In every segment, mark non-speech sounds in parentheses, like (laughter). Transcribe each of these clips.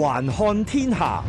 環看天下，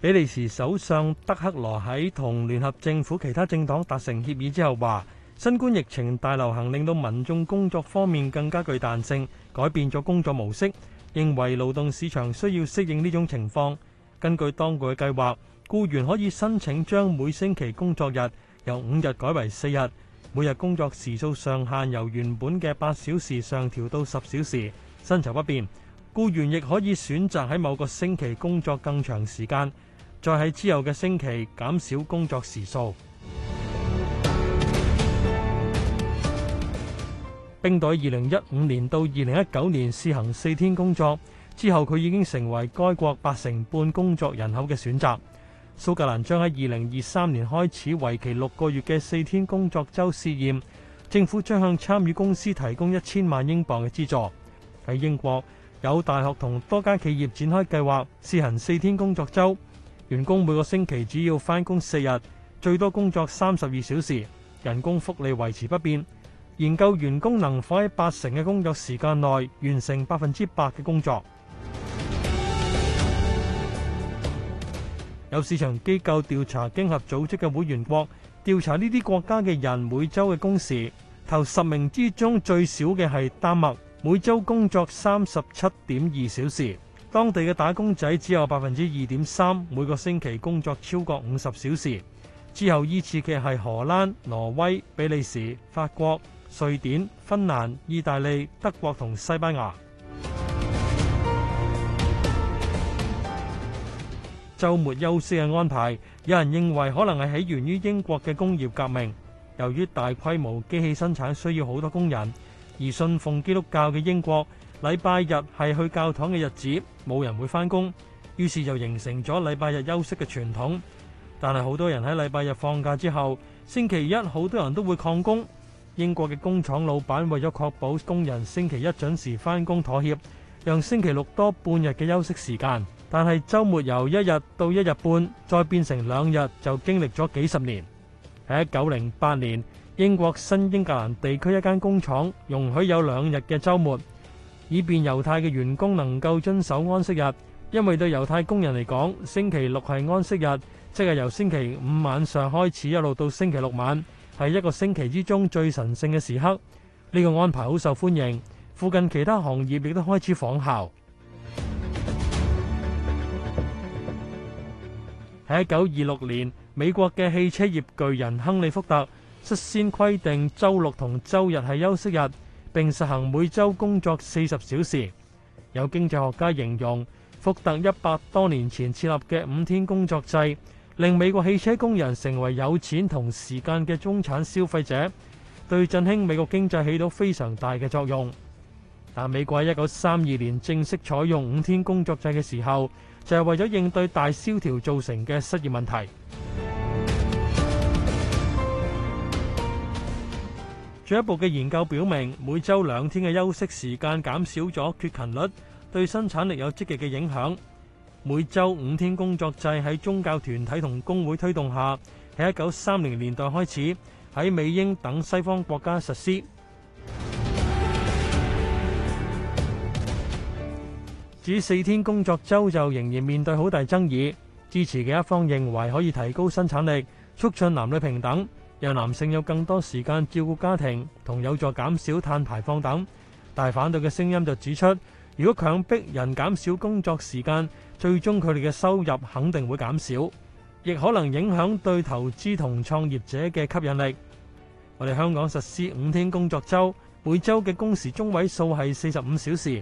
比利時首相德克羅喺同聯合政府其他政黨達成協議之後，話：新冠疫情大流行令到民眾工作方面更加具彈性，改變咗工作模式。認為勞動市場需要適應呢種情況。根據當局嘅計劃，僱員可以申請將每星期工作日由五日改為四日，每日工作時數上限由原本嘅八小時上調到十小時，薪酬不變。僱員亦可以選擇喺某個星期工作更長時間，再喺之後嘅星期減少工作時數。 (music) 冰島二零一五年到二零一九年試行四天工作之後，佢已經成為該國八成半工作人口嘅選擇。蘇格蘭將喺二零二三年開始為期六個月嘅四天工作周試驗，政府將向參與公司提供一千萬英鎊嘅資助喺英國，有大學同多間企業展開計劃，試行四天工作周，員工每個星期只要翻工四日，最多工作三十二小時，人工福利維持不變。研究員工能否喺八成嘅工作時間內完成百分之百嘅工作。 (music) 有市場機構調查經合組織嘅會員國，調查呢啲國家嘅人每週嘅工時，頭十名之中最少嘅係丹麥。每周工作三十七點二小時，當地嘅打工仔只有百分之二點三，每個星期工作超過五十小時。之後依次嘅係荷蘭、挪威、比利時、法國、瑞典、芬蘭、意大利、德國同西班牙。 (music) 週末休息嘅安排，有人認為可能係起源於英國嘅工業革命。由於大規模機器生產需要好多工人。而信奉基督教嘅英國，禮拜日係去教堂嘅日子，冇人會返工，於是就形成咗禮拜日休息嘅傳統。但係好多人喺禮拜日放假之後，星期一好多人都會曠工。英國嘅工廠老闆為咗確保工人星期一準時返工，妥協，讓星期六多半日嘅休息時間。但係週末由一日到一日半，再變成兩日，就經歷咗幾十年。喺一九零八年，英國新英格蘭地區一間工廠容許有兩日嘅周末，以便猶太嘅員工能夠遵守安息日。因為對猶太工人嚟講，星期六係安息日，即係由星期五晚上開始一路到星期六晚，係一個星期之中最神聖嘅時刻。呢個安排好受歡迎，附近其他行業亦都開始仿效。喺一九二六年，美國嘅汽車業巨人亨利福特，率先規定周六同周日係休息日，並實行每週工作四十小時。有經濟學家形容，福特一百多年前設立嘅五天工作制，令美國汽車工人成為有錢同時間嘅中產消費者，對振興美國經濟起到非常大嘅作用。但美國喺一九三二年正式採用五天工作制嘅時候，就係為咗應對大蕭條造成嘅失業問題。進一步嘅研究表明，每周兩天嘅休息時間減少咗缺勤率，對生產力有積極嘅影響。每周五天工作制喺宗教團體同工會推動下，喺一九三零年代開始，喺美英等西方國家實施。至於四天工作週，就仍然面對好大爭議，支持嘅一方認為可以提高生產力，促進男女平等。讓男性有更多時間照顧家庭同有助減少碳排放等，但反對嘅聲音就指出，如果強迫人減少工作時間，最終佢哋嘅收入肯定會減少，亦可能影響對投資同創業者嘅吸引力。我哋香港實施五天工作周，每周嘅工時中位數係四十五小時。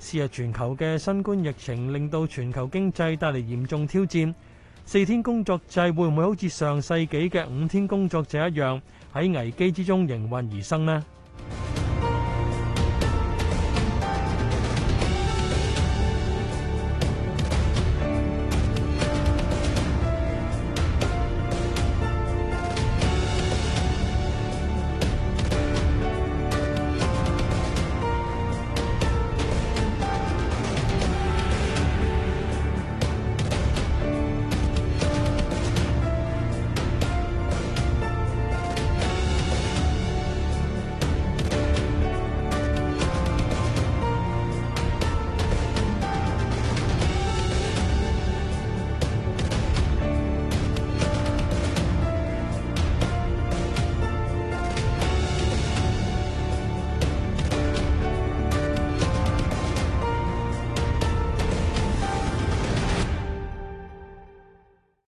是日全球嘅新冠疫情令到全球經濟帶嚟嚴重挑戰。四天工作制會唔會好似上世紀嘅五天工作制一樣喺危機之中應運而生呢？